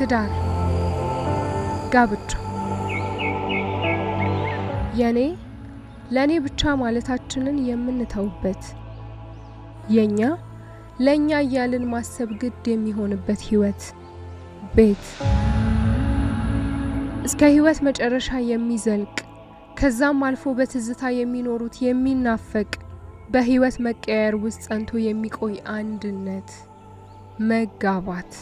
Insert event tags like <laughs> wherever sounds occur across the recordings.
ትዳር፣ ጋብቻ የኔ ለእኔ ብቻ ማለታችንን የምንተውበት የእኛ ለእኛ እያልን ማሰብ ግድ የሚሆንበት ህይወት፣ ቤት እስከ ህይወት መጨረሻ የሚዘልቅ ከዛም አልፎ በትዝታ የሚኖሩት የሚናፈቅ በህይወት መቀየር ውስጥ ጸንቶ የሚቆይ አንድነት መጋባት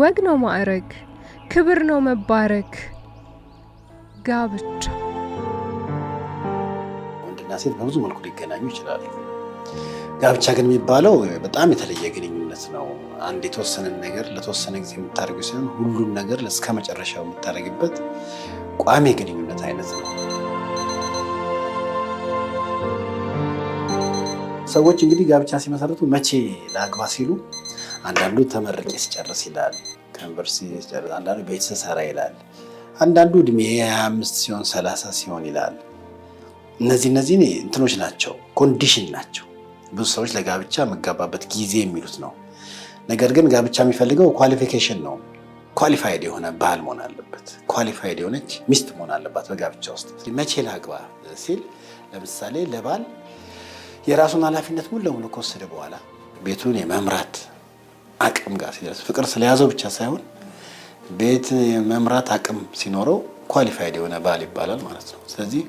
ወግ ነው ማዕረግ፣ ክብር ነው መባረክ። ጋብቻ ወንድና ሴት በብዙ መልኩ ሊገናኙ ይችላሉ። ጋብቻ ግን የሚባለው በጣም የተለየ ግንኙነት ነው። አንድ የተወሰነን ነገር ለተወሰነ ጊዜ የምታደርጉ ሲሆን ሁሉን ነገር እስከ መጨረሻው የምታደርግበት ቋሚ የግንኙነት አይነት ነው። ሰዎች እንግዲህ ጋብቻ ሲመሰረቱ መቼ ለአግባ ሲሉ አንዳንዱ ተመርቄ ስጨርስ ይላል። ከዩኒቨርሲቲ ሲጨርስ አንዳንዱ ቤት ስሰራ ይላል። አንዳንዱ እድሜ የ25 ሲሆን 30 ሲሆን ይላል። እነዚህ እነዚህ እንትኖች ናቸው፣ ኮንዲሽን ናቸው። ብዙ ሰዎች ለጋብቻ የምጋባበት ጊዜ የሚሉት ነው። ነገር ግን ጋብቻ የሚፈልገው ኳሊፊኬሽን ነው። ኳሊፋይድ የሆነ ባል መሆን አለበት። ኳሊፋይድ የሆነች ሚስት መሆን አለባት። በጋብቻ ውስጥ መቼ ላግባ ሲል ለምሳሌ ለባል የራሱን ኃላፊነት ሙሉ ለሙሉ ከወሰደ በኋላ ቤቱን የመምራት አቅም ጋር ሲደርስ ፍቅር ስለያዘው ብቻ ሳይሆን ቤት የመምራት አቅም ሲኖረው ኳሊፋይድ የሆነ ባል ይባላል ማለት ነው። ስለዚህ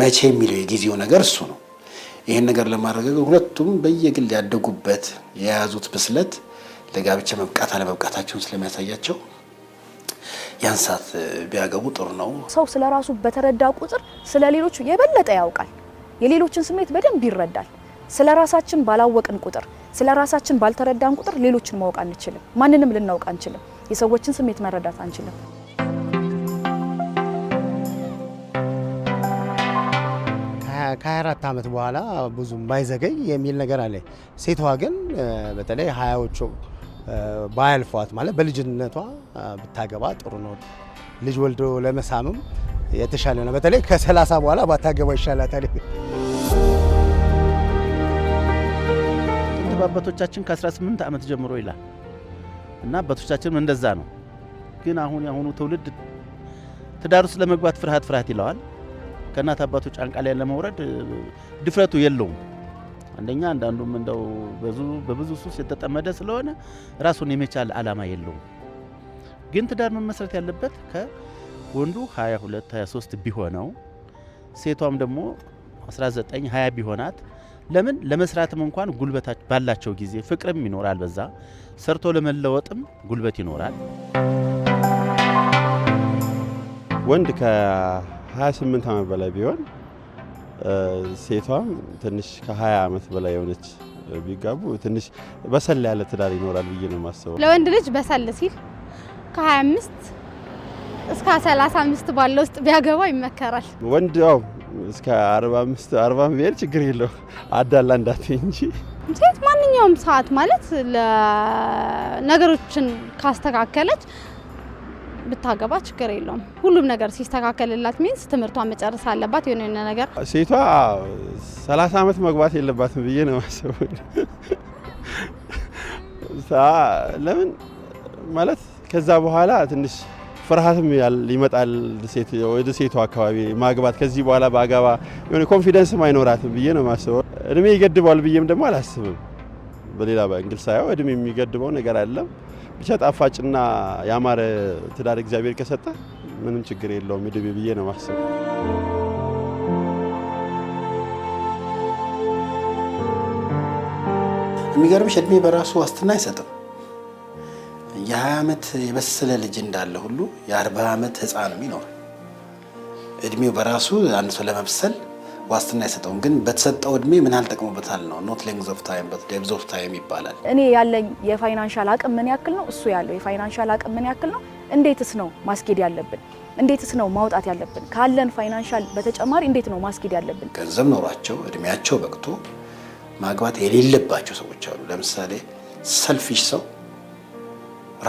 መቼ የሚለው የጊዜው ነገር እሱ ነው። ይህን ነገር ለማረጋገጥ ሁለቱም በየግል ያደጉበት የያዙት ብስለት ለጋብቻ መብቃት አለመብቃታቸውን ስለሚያሳያቸው ያን ሰዓት ቢያገቡ ጥሩ ነው። ሰው ስለ ራሱ በተረዳ ቁጥር ስለ ሌሎቹ የበለጠ ያውቃል። የሌሎችን ስሜት በደንብ ይረዳል። ስለ ራሳችን ባላወቅን ቁጥር ስለ ራሳችን ባልተረዳን ቁጥር ሌሎችን ማወቅ አንችልም። ማንንም ልናውቅ አንችልም። የሰዎችን ስሜት መረዳት አንችልም። ከ24 ዓመት በኋላ ብዙም ባይዘገይ የሚል ነገር አለ። ሴቷ ግን በተለይ ሀያዎቹ ባያልፏት ማለት በልጅነቷ ብታገባ ጥሩ ነው። ልጅ ወልዶ ለመሳምም የተሻለ ነው። በተለይ ከ30 በኋላ ባታገባ ይሻላታል። አባቶቻችን ከ18 ዓመት ጀምሮ ይላል እና አባቶቻችንም እንደዛ ነው። ግን አሁን የአሁኑ ትውልድ ትዳር ውስጥ ለመግባት ፍርሃት ፍርሃት ይለዋል። ከእናት አባቱ ጫንቃ ላይ ለመውረድ ድፍረቱ የለውም። አንደኛ አንዳንዱም እንደው በብዙ ሱስ የተጠመደ ስለሆነ ራሱን የመቻል ዓላማ የለውም። ግን ትዳር መመስረት ያለበት ከወንዱ 22 23 ቢሆነው ሴቷም ደግሞ 19 20 ቢሆናት ለምን ለመስራትም እንኳን ጉልበታች ባላቸው ጊዜ ፍቅርም ይኖራል። በዛ ሰርቶ ለመለወጥም ጉልበት ይኖራል። ወንድ ከ28 ዓመት በላይ ቢሆን ሴቷም ትንሽ ከ20 ዓመት በላይ የሆነች ቢጋቡ ትንሽ በሰል ያለ ትዳር ይኖራል ብዬ ነው የማስበው። ለወንድ ልጅ በሰል ሲል ከ25 እስከ 35 ባለው ውስጥ ቢያገባ ይመከራል። ወንድ ያው እስከ 45 40 ብሄር ችግር የለው አዳላ እንዳት እንጂ ሴት ማንኛውም ሰዓት ማለት ነገሮችን ካስተካከለች ብታገባ ችግር የለውም። ሁሉም ነገር ሲስተካከልላት ሚንስ ትምህርቷን መጨረስ አለባት። የሆነ የሆነ ነገር ሴቷ 30 ዓመት መግባት የለባትም ብዬ ነው ማሰብ። ለምን ማለት ከዛ በኋላ ትንሽ ፍርሃትም ይመጣል ወደ ሴቷ አካባቢ ማግባት። ከዚህ በኋላ በአገባ የሆነ ኮንፊደንስም አይኖራትም ብዬ ነው ማስበው። እድሜ ይገድበዋል ብዬም ደግሞ አላስብም። በሌላ በእንግል ሳየው እድሜ የሚገድበው ነገር አይደለም። ብቻ ጣፋጭና ያማረ ትዳር እግዚአብሔር ከሰጠ ምንም ችግር የለውም እድሜ ብዬ ነው የማስበው። የሚገርምሽ እድሜ በራሱ ዋስትና አይሰጥም። የሀያ ዓመት የበሰለ ልጅ እንዳለ ሁሉ የአርባ ዓመት ህፃንም ይኖራል። እድሜው በራሱ አንድ ሰው ለመብሰል ዋስትና አይሰጠውም። ግን በተሰጠው እድሜ ምን ያህል ጠቅሞበታል ነው ኖት ሌንግዝ ኦፍ ታይም በት ዴፕዝ ኦፍ ታይም ይባላል። እኔ ያለኝ የፋይናንሻል አቅም ምን ያክል ነው፣ እሱ ያለው የፋይናንሻል አቅም ምን ያክል ነው፣ እንዴትስ ነው ማስኬድ ያለብን፣ እንዴትስ ነው ማውጣት ያለብን፣ ካለን ፋይናንሻል በተጨማሪ እንዴት ነው ማስኬድ ያለብን። ገንዘብ ኖሯቸው እድሜያቸው በቅቶ ማግባት የሌለባቸው ሰዎች አሉ። ለምሳሌ ሰልፊሽ ሰው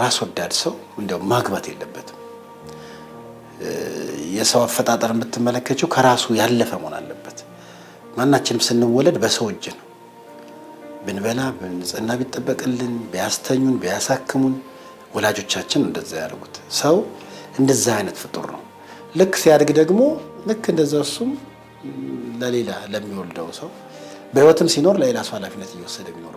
ራስ ወዳድ ሰው እንደው ማግባት የለበትም። የሰው አፈጣጠር የምትመለከችው ከራሱ ያለፈ መሆን አለበት። ማናችንም ስንወለድ በሰው እጅ ነው። ብንበላ ንጽህና ቢጠበቅልን፣ ቢያስተኙን፣ ቢያሳክሙን ወላጆቻችን እንደዛ ያደርጉት። ሰው እንደዛ አይነት ፍጡር ነው። ልክ ሲያድግ ደግሞ ልክ እንደዛ እሱም ለሌላ ለሚወልደው ሰው በህይወትም ሲኖር ለሌላ ሰው ኃላፊነት እየወሰደ ነው።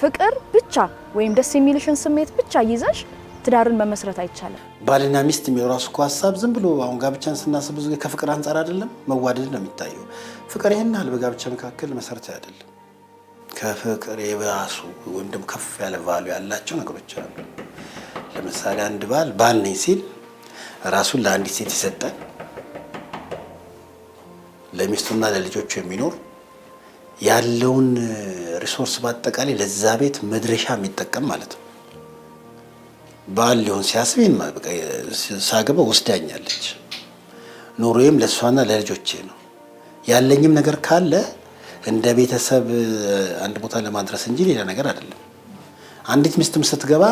ፍቅር ብቻ ወይም ደስ የሚልሽን ስሜት ብቻ ይዘሽ ትዳርን መመስረት አይቻልም። ባልና ሚስት የሚለው ራሱ እኮ ሀሳብ ዝም ብሎ አሁን ጋብቻን ስናስብ ብዙ ከፍቅር አንጻር አይደለም መዋደድ ነው የሚታየው። ፍቅር ይህን ያህል በጋብቻ መካከል መሰረት አይደለም። ከፍቅር የባሱ ወይም ደግሞ ከፍ ያለ ቫሉ ያላቸው ነገሮች አሉ። ለምሳሌ አንድ ባል ባል ነኝ ሲል ራሱን ለአንዲት ሴት ይሰጠ ለሚስቱና ለልጆቹ የሚኖር ያለውን ሪሶርስ በአጠቃላይ ለዛ ቤት መድረሻ የሚጠቀም ማለት ነው። ባል ሊሆን ሲያስብ ሳገባ ወስዳኛለች፣ ኑሮዬም ለእሷና ለልጆቼ ነው። ያለኝም ነገር ካለ እንደ ቤተሰብ አንድ ቦታ ለማድረስ እንጂ ሌላ ነገር አይደለም። አንዲት ሚስትም ስትገባ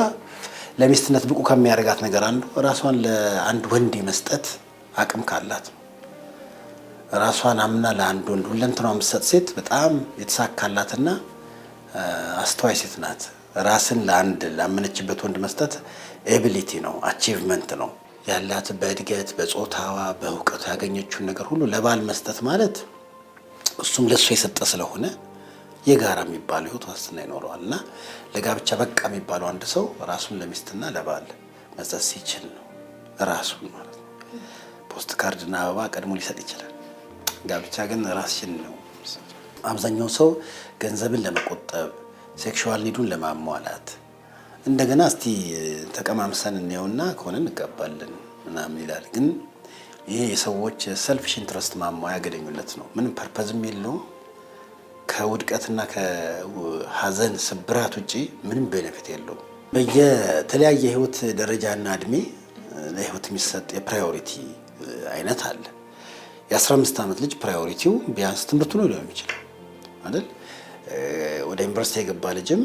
ለሚስትነት ብቁ ከሚያደርጋት ነገር አንዱ ራሷን ለአንድ ወንድ የመስጠት አቅም ካላት ራሷን አምና ለአንድ ወንድ ሁለንተኗ የምትሰጥ ሴት በጣም የተሳካላትና አስተዋይ ሴት ናት። ራስን ለአንድ ላመነችበት ወንድ መስጠት ኤቢሊቲ ነው፣ አቺቭመንት ነው። ያላት በእድገት በጾታዋ በእውቀቱ ያገኘችውን ነገር ሁሉ ለባል መስጠት ማለት እሱም ለእሱ የሰጠ ስለሆነ የጋራ የሚባለው ህይወት ዋስትና ይኖረዋል እና ለጋብቻ በቃ የሚባለው አንድ ሰው ራሱን ለሚስትና ለባል መስጠት ሲችል ነው። ራሱን ማለት ነው። ፖስት ካርድና አበባ ቀድሞ ሊሰጥ ይችላል። ጋብቻ ግን ራስሽን ነው። አብዛኛው ሰው ገንዘብን ለመቆጠብ ሴክሹዋል ኒዱን ለማሟላት እንደገና እስቲ ተቀማምሰን እንየውና ከሆነ እንቀባለን ምናምን ይላል። ግን ይሄ የሰዎች ሰልፊሽ ኢንትረስት ማሟያ ገደኙነት ነው። ምንም ፐርፐዝም የለውም። ከውድቀትና ከሀዘን ስብራት ውጭ ምንም ቤኔፊት የለውም። በየተለያየ ህይወት ደረጃና እድሜ ለህይወት የሚሰጥ የፕራዮሪቲ አይነት አለ። የ15 ዓመት ልጅ ፕራዮሪቲው ቢያንስ ትምህርቱ ነው ሊሆን ይችላል አይደል? ወደ ዩኒቨርሲቲ የገባ ልጅም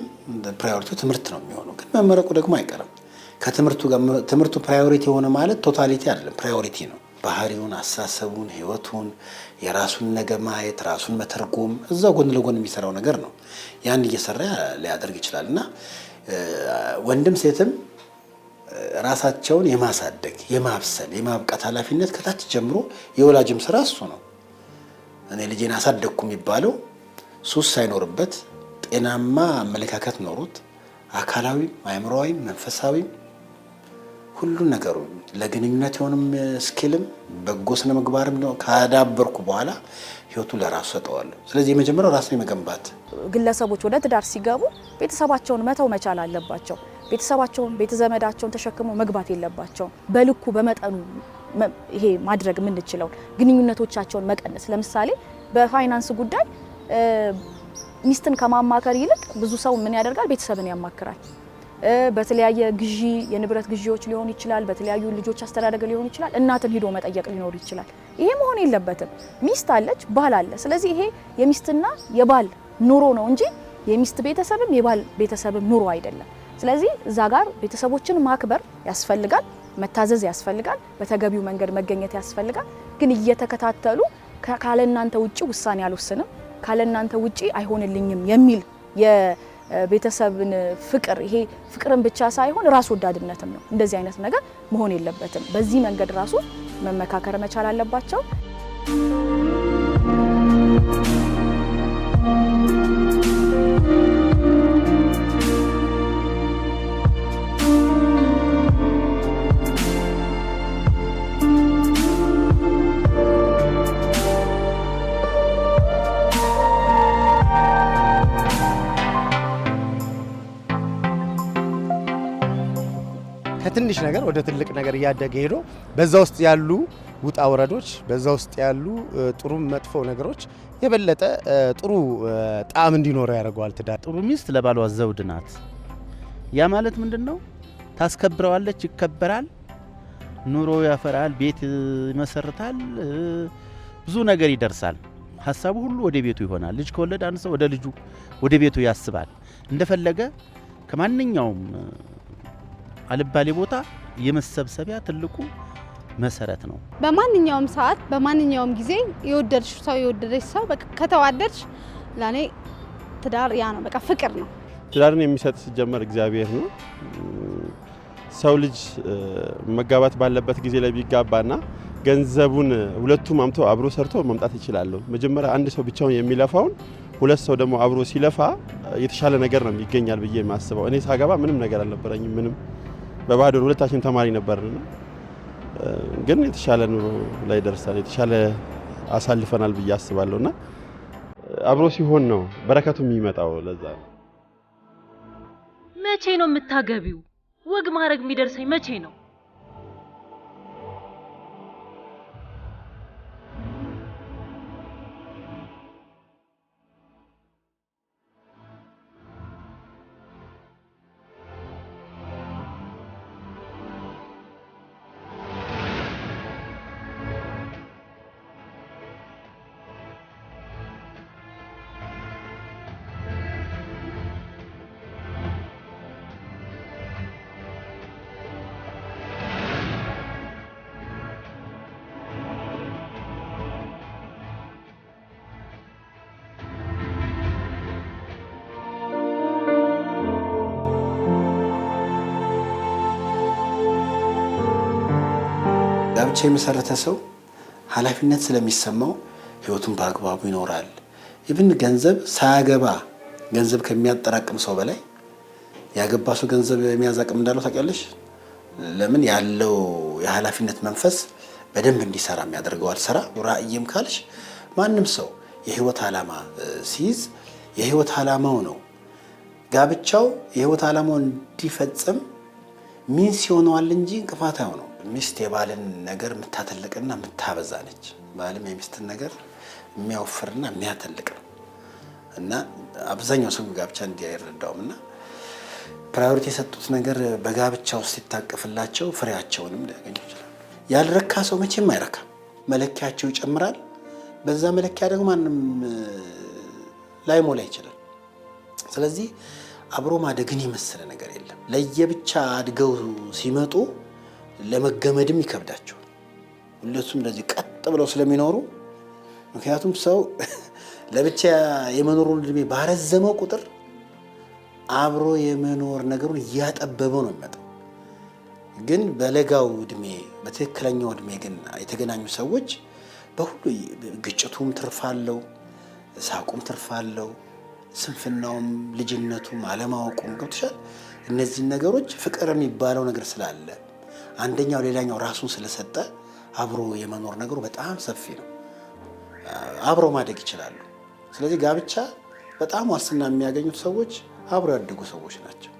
ፕራዮሪቲው ትምህርት ነው የሚሆነው። ግን መመረቁ ደግሞ አይቀርም። ከትምህርቱ ጋር ትምህርቱ ፕራዮሪቲ የሆነ ማለት ቶታሊቲ አይደለም፣ ፕራዮሪቲ ነው። ባህሪውን፣ አስተሳሰቡን፣ ህይወቱን፣ የራሱን ነገ ማየት፣ ራሱን መተርጎም እዛ ጎን ለጎን የሚሰራው ነገር ነው። ያን እየሰራ ሊያደርግ ይችላል እና ወንድም ሴትም ራሳቸውን የማሳደግ የማብሰል የማብቃት ኃላፊነት ከታች ጀምሮ የወላጅም ስራ እሱ ነው። እኔ ልጄን አሳደግኩ የሚባለው ሱስ ሳይኖርበት ጤናማ አመለካከት ኖሮት አካላዊም አእምሮዊም መንፈሳዊም ሁሉ ነገሩ ለግንኙነት የሆንም ስኪልም በጎ ስነ ምግባርም ካዳበርኩ በኋላ ህይወቱ ለራሱ ሰጠዋለሁ። ስለዚህ የመጀመሪያው ራስን የመገንባት ግለሰቦች ወደ ትዳር ሲገቡ ቤተሰባቸውን መተው መቻል አለባቸው። ቤተሰባቸውን ቤተዘመዳቸውን ተሸክመው መግባት የለባቸው በልኩ በመጠኑ ይሄ ማድረግ የምንችለው ግንኙነቶቻቸውን መቀነስ። ለምሳሌ በፋይናንስ ጉዳይ ሚስትን ከማማከር ይልቅ ብዙ ሰው ምን ያደርጋል? ቤተሰብን ያማክራል። በተለያየ ግዢ የንብረት ግዢዎች ሊሆን ይችላል። በተለያዩ ልጆች አስተዳደግ ሊሆን ይችላል። እናትን ሂዶ መጠየቅ ሊኖር ይችላል። ይሄ መሆን የለበትም። ሚስት አለች፣ ባል አለ። ስለዚህ ይሄ የሚስትና የባል ኑሮ ነው እንጂ የሚስት ቤተሰብም የባል ቤተሰብም ኑሮ አይደለም። ስለዚህ እዛ ጋር ቤተሰቦችን ማክበር ያስፈልጋል፣ መታዘዝ ያስፈልጋል፣ በተገቢው መንገድ መገኘት ያስፈልጋል። ግን እየተከታተሉ ካለ እናንተ ውጪ ውሳኔ አልወስንም፣ ካለ እናንተ ውጪ አይሆንልኝም የሚል የቤተሰብን ፍቅር ይሄ ፍቅርን ብቻ ሳይሆን ራስ ወዳድነትም ነው። እንደዚህ አይነት ነገር መሆን የለበትም። በዚህ መንገድ ራሱ መመካከር መቻል አለባቸው። ነገር ወደ ትልቅ ነገር እያደገ ሄዶ በዛ ውስጥ ያሉ ውጣ ውረዶች፣ በዛ ውስጥ ያሉ ጥሩ መጥፎ ነገሮች የበለጠ ጥሩ ጣዕም እንዲኖረው ያደርገዋል። ትዳር ጥሩ ሚስት ለባሏ ዘውድ ናት። ያ ማለት ምንድን ነው? ታስከብረዋለች፣ ይከበራል፣ ኑሮ ያፈራል፣ ቤት ይመሰርታል፣ ብዙ ነገር ይደርሳል። ሀሳቡ ሁሉ ወደ ቤቱ ይሆናል። ልጅ ከወለደ አንድ ሰው ወደ ልጁ ወደ ቤቱ ያስባል። እንደፈለገ ከማንኛውም አልባሌ ቦታ የመሰብሰቢያ ትልቁ መሰረት ነው። በማንኛውም ሰዓት በማንኛውም ጊዜ የወደድሽ ሰው የወደደች ሰው ከተዋደድሽ ለእኔ ትዳር ያ ነው፣ በቃ ፍቅር ነው። ትዳርን የሚሰጥ ሲጀመር እግዚአብሔር ነው። ሰው ልጅ መጋባት ባለበት ጊዜ ላይ ቢጋባና ገንዘቡን ሁለቱም አምቶ አብሮ ሰርቶ መምጣት ይችላሉ። መጀመሪያ አንድ ሰው ብቻውን የሚለፋውን ሁለት ሰው ደግሞ አብሮ ሲለፋ የተሻለ ነገር ነው ይገኛል ብዬ የማስበው። እኔ ሳገባ ምንም ነገር አልነበረኝም ምንም በባህዶር ሁለታችን ተማሪ ነበርን፣ ግን የተሻለ ኑሮ ላይ ደርሳል። የተሻለ አሳልፈናል ብዬ አስባለሁ። እና አብሮ ሲሆን ነው በረከቱ የሚመጣው። ለዛ ነው። መቼ ነው የምታገቢው? ወግ ማድረግ የሚደርሰኝ መቼ ነው? ብቻ የመሰረተ ሰው ኃላፊነት ስለሚሰማው ህይወቱን በአግባቡ ይኖራል። ይብን ገንዘብ ሳያገባ ገንዘብ ከሚያጠራቅም ሰው በላይ ያገባ ሰው ገንዘብ የሚያዝ አቅም እንዳለው ታውቂያለሽ። ለምን ያለው የኃላፊነት መንፈስ በደንብ እንዲሰራ የሚያደርገዋል። ስራ ራእይም ካልሽ ማንም ሰው የህይወት ዓላማ ሲይዝ የህይወት ዓላማው ነው። ጋብቻው የህይወት ዓላማው እንዲፈጽም ሚንስ ይሆነዋል እንጂ እንቅፋት አይሆነው። ሚስት የባልን ነገር የምታተልቅና የምታበዛ ነች። ባልም የሚስትን ነገር የሚያወፍርና የሚያተልቅ ነው እና አብዛኛው ሰው ጋብቻ እንዲህ አይረዳውም እና ፕራዮሪቲ የሰጡት ነገር በጋብቻ ውስጥ ሲታቀፍላቸው ፍሬያቸውንም ሊያገኙ ይችላል። ያልረካ ሰው መቼም አይረካም። መለኪያቸው ይጨምራል። በዛ መለኪያ ደግሞ ማንም ላይሞላ ይችላል። ስለዚህ አብሮ ማደግን የመሰለ ነገር የለም። ለየብቻ አድገው ሲመጡ ለመገመድም ይከብዳቸዋል። ሁለቱም እንደዚህ ቀጥ ብለው ስለሚኖሩ ምክንያቱም ሰው <laughs> ለብቻ የመኖሩን እድሜ ባረዘመው ቁጥር አብሮ የመኖር ነገሩን እያጠበበው ነው የሚመጣው። ግን በለጋው እድሜ በትክክለኛው እድሜ ግን የተገናኙ ሰዎች በሁሉ ግጭቱም ትርፍ አለው፣ ሳቁም ትርፍ አለው። ስንፍናውም ልጅነቱም አለማወቁም ገብቶሻል። እነዚህን ነገሮች ፍቅር የሚባለው ነገር ስላለ አንደኛው ሌላኛው ራሱን ስለሰጠ አብሮ የመኖር ነገሩ በጣም ሰፊ ነው። አብሮ ማደግ ይችላሉ። ስለዚህ ጋብቻ በጣም ዋስትና የሚያገኙት ሰዎች አብሮ ያደጉ ሰዎች ናቸው።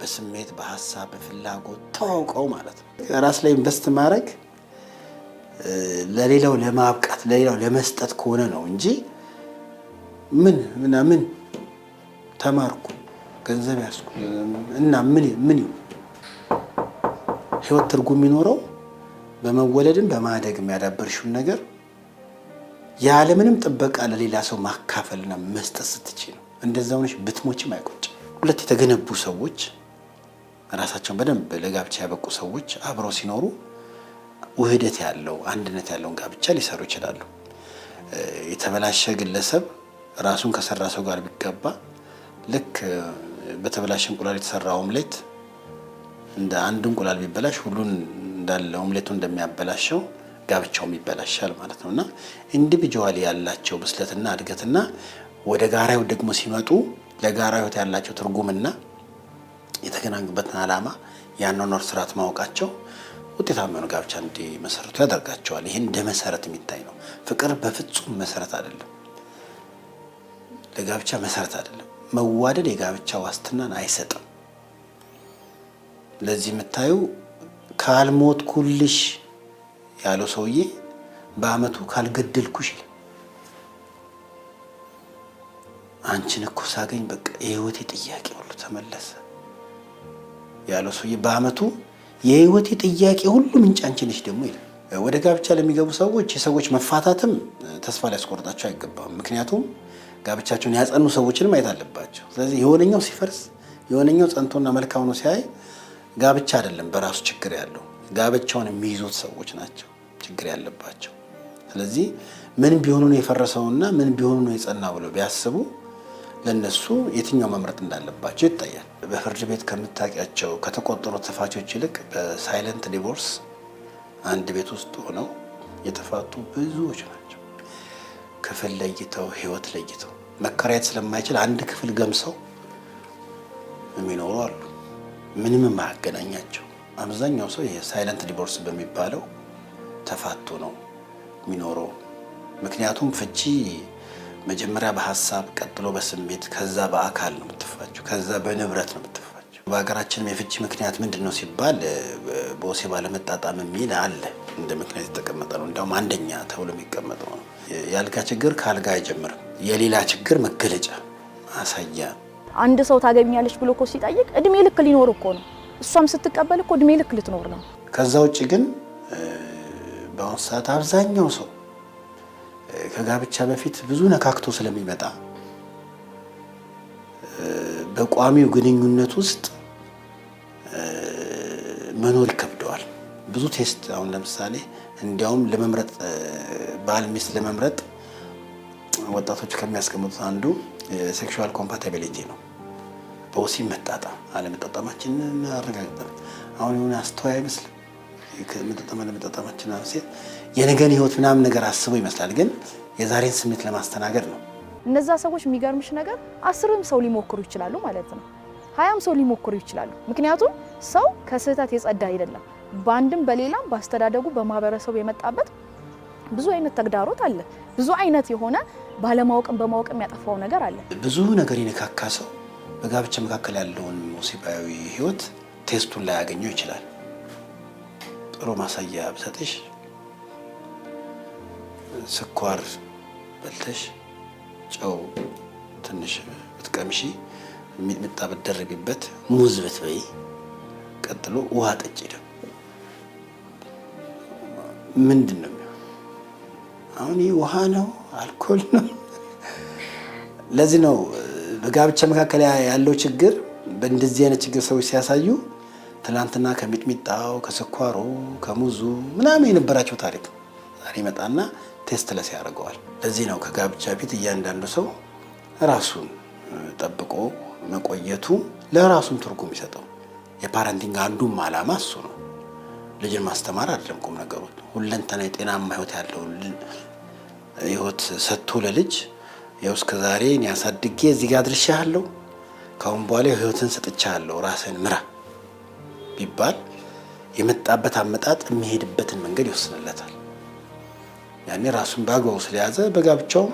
በስሜት በሀሳብ በፍላጎት ተዋውቀው ማለት ነው። ራስ ላይ ኢንቨስት ማድረግ ለሌላው ለማብቃት ለሌላው ለመስጠት ከሆነ ነው እንጂ ምን ምናምን ተማርኩ፣ ገንዘብ ያዝኩ እና ምን ምን ይሁን ህይወት ትርጉም የሚኖረው በመወለድም በማደግ የሚያዳበርሽውን ነገር ያለምንም ጥበቃ ለሌላ ሰው ማካፈልና መስጠት ስትች ነው። እንደዛ ሆነሽ ብትሞችም አይቆጭ። ሁለት የተገነቡ ሰዎች ራሳቸውን በደንብ ለጋብቻ ያበቁ ሰዎች አብረው ሲኖሩ ውህደት ያለው አንድነት ያለውን ጋብቻ ሊሰሩ ይችላሉ። የተበላሸ ግለሰብ ራሱን ከሰራ ሰው ጋር ቢገባ ልክ በተበላሽ እንቁላል የተሰራ ኦምሌት እንደ አንድ እንቁላል ቢበላሽ ሁሉን እንዳለ ኦምሌቱ እንደሚያበላሸው ጋብቻውም ይበላሻል ማለት ነው እና ኢንዲቪጁዋል ያላቸው ብስለትና እድገትና ወደ ጋራ ህይወት ደግሞ ሲመጡ ለጋራ ህይወት ያላቸው ትርጉምና የተገናኙበትን ዓላማ የአኗኗር ስርዓት ማወቃቸው ውጤታማ የሆነ ጋብቻ እንዲመሰርቱ ያደርጋቸዋል። ይህ እንደ መሰረት የሚታይ ነው። ፍቅር በፍጹም መሰረት አይደለም፣ ለጋብቻ መሰረት አይደለም። መዋደድ የጋብቻ ዋስትናን አይሰጥም። ለዚህ የምታዩ ካልሞትኩልሽ ያለው ሰውዬ በአመቱ ካልገደልኩሽ አንቺን እኮ ሳገኝ በቃ የህይወቴ ጥያቄ ሁሉ ተመለሰ ያለው ሰውዬ በአመቱ የህይወቴ ጥያቄ ሁሉ ምንጭ አንቺ ነሽ ደግሞ ይላል። ወደ ጋብቻ ለሚገቡ ሰዎች የሰዎች መፋታትም ተስፋ ሊያስቆርጣቸው አይገባም። ምክንያቱም ጋብቻቸውን ያጸኑ ሰዎችን ማየት አለባቸው። ስለዚህ የሆነኛው ሲፈርስ የሆነኛው ጸንቶና መልካም ነው ሲያይ ጋብቻ አይደለም በራሱ ችግር ያለው ጋብቻውን የሚይዙት ሰዎች ናቸው ችግር ያለባቸው። ስለዚህ ምን ቢሆኑ ነው የፈረሰውና ምን ቢሆኑ ነው የጸና ብለው ቢያስቡ ለነሱ የትኛው መምረጥ እንዳለባቸው ይታያል። በፍርድ ቤት ከምታውቂያቸው ከተቆጠሩ ተፋቾች ይልቅ በሳይለንት ዲቮርስ አንድ ቤት ውስጥ ሆነው የተፋቱ ብዙዎች ናቸው። ክፍል ለይተው ህይወት ለይተው መከራየት ስለማይችል አንድ ክፍል ገምሰው የሚኖሩ አሉ። ምንም የማያገናኛቸው አብዛኛው ሰው ይሄ ሳይለንት ዲቮርስ በሚባለው ተፋቶ ነው የሚኖረው። ምክንያቱም ፍቺ መጀመሪያ በሀሳብ ቀጥሎ በስሜት ከዛ በአካል ነው የምትፋቸው፣ ከዛ በንብረት ነው የምትፋ በሀገራችንም የፍቺ ምክንያት ምንድን ነው ሲባል በወሲብ አለመጣጣም የሚል አለ። እንደ ምክንያት የተቀመጠ ነው። እንዲያውም አንደኛ ተብሎ የሚቀመጠው ነው። የአልጋ ችግር ከአልጋ አይጀምርም። የሌላ ችግር መገለጫ ማሳያ። አንድ ሰው ታገቢኛለች ብሎ እኮ ሲጠይቅ እድሜ ልክ ሊኖር እኮ ነው። እሷም ስትቀበል እኮ እድሜ ልክ ልትኖር ነው። ከዛ ውጭ ግን በአሁኑ ሰዓት አብዛኛው ሰው ከጋብቻ በፊት ብዙ ነካክቶ ስለሚመጣ በቋሚው ግንኙነት ውስጥ መኖር ይከብደዋል። ብዙ ቴስት አሁን ለምሳሌ እንዲያውም ለመምረጥ ባል ሚስት ለመምረጥ ወጣቶች ከሚያስቀምጡት አንዱ ሴክሹዋል ኮምፓታቢሊቲ ነው። በወሲብ መጣጣም አለመጣጣማችን አረጋግጠን አሁን የሆነ አስተዋይ አይመስልም። መጣጣም አለመጣጣማችን ሴት የነገን ህይወት ምናምን ነገር አስበው ይመስላል፣ ግን የዛሬን ስሜት ለማስተናገድ ነው። እነዛ ሰዎች የሚገርምሽ ነገር አስርም ሰው ሊሞክሩ ይችላሉ ማለት ነው። ሀያም ሰው ሊሞክሩ ይችላሉ። ምክንያቱም ሰው ከስህተት የጸዳ አይደለም። በአንድም በሌላም በአስተዳደጉ በማህበረሰቡ የመጣበት ብዙ አይነት ተግዳሮት አለ። ብዙ አይነት የሆነ ባለማወቅን በማወቅ የሚያጠፋው ነገር አለ። ብዙ ነገር የነካካ ሰው በጋብቻ መካከል ያለውን ወሲባዊ ህይወት ቴስቱን ላይ ያገኘው ይችላል። ጥሩ ማሳያ ብሰጥሽ ስኳር በልተሽ ጨው ትንሽ ብትቀምሺ ሚጥሚጣ በደረግበት ሙዝ ብትበይ፣ ቀጥሎ ውሃ ጠጪ ደግሞ ምንድን ነው አሁን ይህ ውሃ ነው አልኮል ነው። ለዚህ ነው በጋብቻ መካከል ያለው ችግር። በእንደዚህ አይነት ችግር ሰዎች ሲያሳዩ ትናንትና ከሚጥሚጣው ከስኳሩ ከሙዙ ምናምን የነበራቸው ታሪክ ዛሬ ይመጣና ቴስት ለስ ያደርገዋል። ለዚህ ነው ከጋብቻ ፊት እያንዳንዱ ሰው ራሱን ጠብቆ መቆየቱ ለራሱም ትርጉም ይሰጠው። የፓረንቲንግ አንዱም ዓላማ እሱ ነው። ልጅን ማስተማር አይደለም ቁም ነገሩ። ሁለንተና የጤናማ ህይወት ያለውን ህይወት ሰጥቶ ለልጅ ያው እስከ ዛሬ እኔ አሳድጌ እዚህ ጋር ያለው ከአሁን በኋላ ህይወትን ሰጥቻ ያለው ራስን ምራ ቢባል የመጣበት አመጣጥ የሚሄድበትን መንገድ ይወስንለታል። ያኔ ራሱን በአግባቡ ስለያዘ በጋብቻውም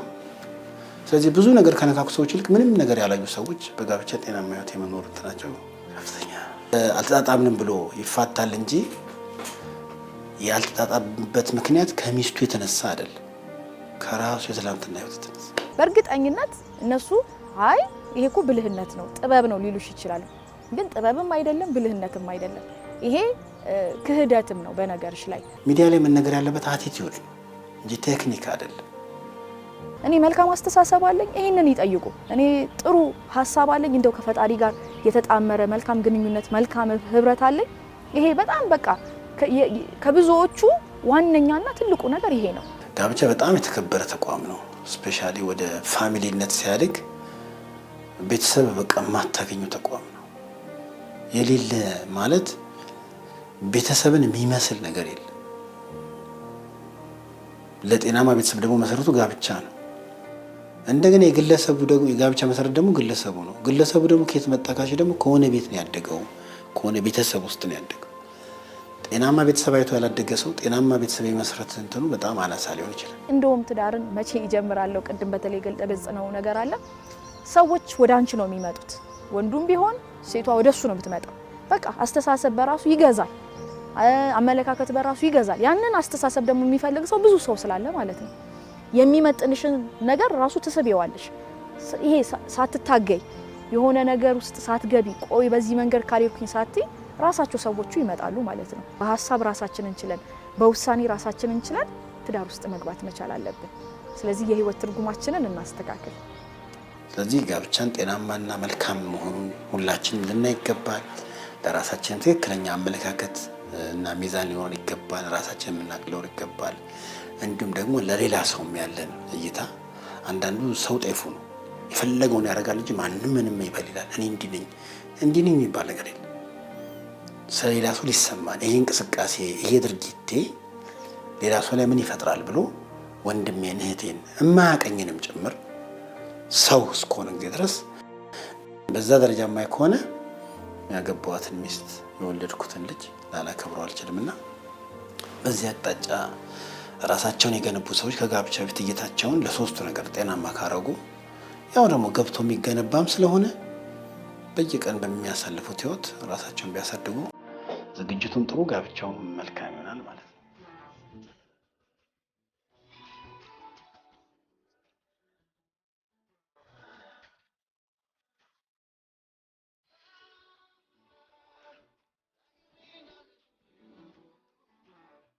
ስለዚህ ብዙ ነገር ከነካኩ ሰዎች ይልቅ ምንም ነገር ያላዩ ሰዎች በጋብቻ ጤና ሕይወት የመኖር እንትናቸው ከፍተኛ። አልተጣጣምንም ብሎ ይፋታል እንጂ ያልተጣጣምበት ምክንያት ከሚስቱ የተነሳ አይደል፣ ከራሱ የትላንትና ሕይወት የተነሳ። በእርግጠኝነት እነሱ አይ ይሄ እኮ ብልህነት ነው ጥበብ ነው ሊሉሽ ይችላሉ። ግን ጥበብም አይደለም ብልህነትም አይደለም፣ ይሄ ክህደትም ነው። በነገርሽ ላይ ሚዲያ ላይ መነገር ያለበት አቲቲዩድ እንጂ ቴክኒክ አይደለም። እኔ መልካም አስተሳሰብ አለኝ፣ ይህንን ይጠይቁ። እኔ ጥሩ ሀሳብ አለኝ፣ እንደው ከፈጣሪ ጋር የተጣመረ መልካም ግንኙነት፣ መልካም ህብረት አለኝ። ይሄ በጣም በቃ ከብዙዎቹ ዋነኛና ትልቁ ነገር ይሄ ነው። ጋብቻ በጣም የተከበረ ተቋም ነው። ስፔሻሊ ወደ ፋሚሊነት ሲያድግ ቤተሰብ በቃ የማታገኘው ተቋም ነው። የሌለ ማለት ቤተሰብን የሚመስል ነገር የለም። ለጤናማ ቤተሰብ ደግሞ መሰረቱ ጋብቻ ነው። እንደገና የግለሰቡ ደግሞ የጋብቻ መሰረት ደግሞ ግለሰቡ ነው። ግለሰቡ ደግሞ ከየት መጣ ደግሞ ከሆነ ቤት ነው ያደገው፣ ከሆነ ቤተሰብ ውስጥ ነው ያደገው። ጤናማ ቤተሰብ አይቶ ያላደገ ሰው ጤናማ ቤተሰብ የመሰረት እንትኑ በጣም አናሳ ሊሆን ይችላል። እንደውም ትዳርን መቼ ይጀምራለሁ ቅድም በተለይ ገልጠ ገጽ ነው ነገር አለ። ሰዎች ወደ አንቺ ነው የሚመጡት፣ ወንዱም ቢሆን ሴቷ ወደሱ ነው የምትመጣው። በቃ አስተሳሰብ በራሱ ይገዛል። አመለካከት በራሱ ይገዛል። ያንን አስተሳሰብ ደግሞ የሚፈልግ ሰው ብዙ ሰው ስላለ ማለት ነው የሚመጥንሽን ነገር ራሱ ትስቢዋለሽ። ይሄ ሳትታገይ የሆነ ነገር ውስጥ ሳትገቢ ቆይ በዚህ መንገድ ካልሄድኩኝ ሳትይ ራሳቸው ሰዎቹ ይመጣሉ ማለት ነው። በሀሳብ ራሳችን እንችለን፣ በውሳኔ ራሳችን እንችለን ትዳር ውስጥ መግባት መቻል አለብን። ስለዚህ የህይወት ትርጉማችንን እናስተካክል። ስለዚህ ጋብቻን ጤናማና መልካም መሆኑን ሁላችን ልናይገባል። ለራሳችን ትክክለኛ አመለካከት እና ሚዛን ሊኖረን ይገባል። ራሳችን የምናቅ ይገባል። እንዲሁም ደግሞ ለሌላ ሰውም ያለን እይታ አንዳንዱ ሰው ጤፉ ነው የፈለገውን ያደርጋል እንጂ ማንም ምንም ይበል ይላል። እኔ እንዲህ ነኝ እንዲህ ነኝ የሚባል ነገር የለም። ስለሌላ ሰው ሊሰማን ይሄ እንቅስቃሴ ይሄ ድርጊቴ ሌላ ሰው ላይ ምን ይፈጥራል ብሎ ወንድሜን እህቴን እማያቀኝንም ጭምር ሰው እስከሆነ ጊዜ ድረስ በዛ ደረጃ የማይ ከሆነ ያገባዋትን ሚስት የወለድኩትን ልጅ ላላከብረው አልችልም እና በዚህ አቅጣጫ ራሳቸውን የገነቡ ሰዎች ከጋብቻ በፊት እይታቸውን ለሶስቱ ነገር ጤናማ ካረጉ ያው ደግሞ ገብቶ የሚገነባም ስለሆነ በየቀን በሚያሳልፉት ህይወት ራሳቸውን ቢያሳድጉ ዝግጅቱም ጥሩ፣ ጋብቻውም መልካም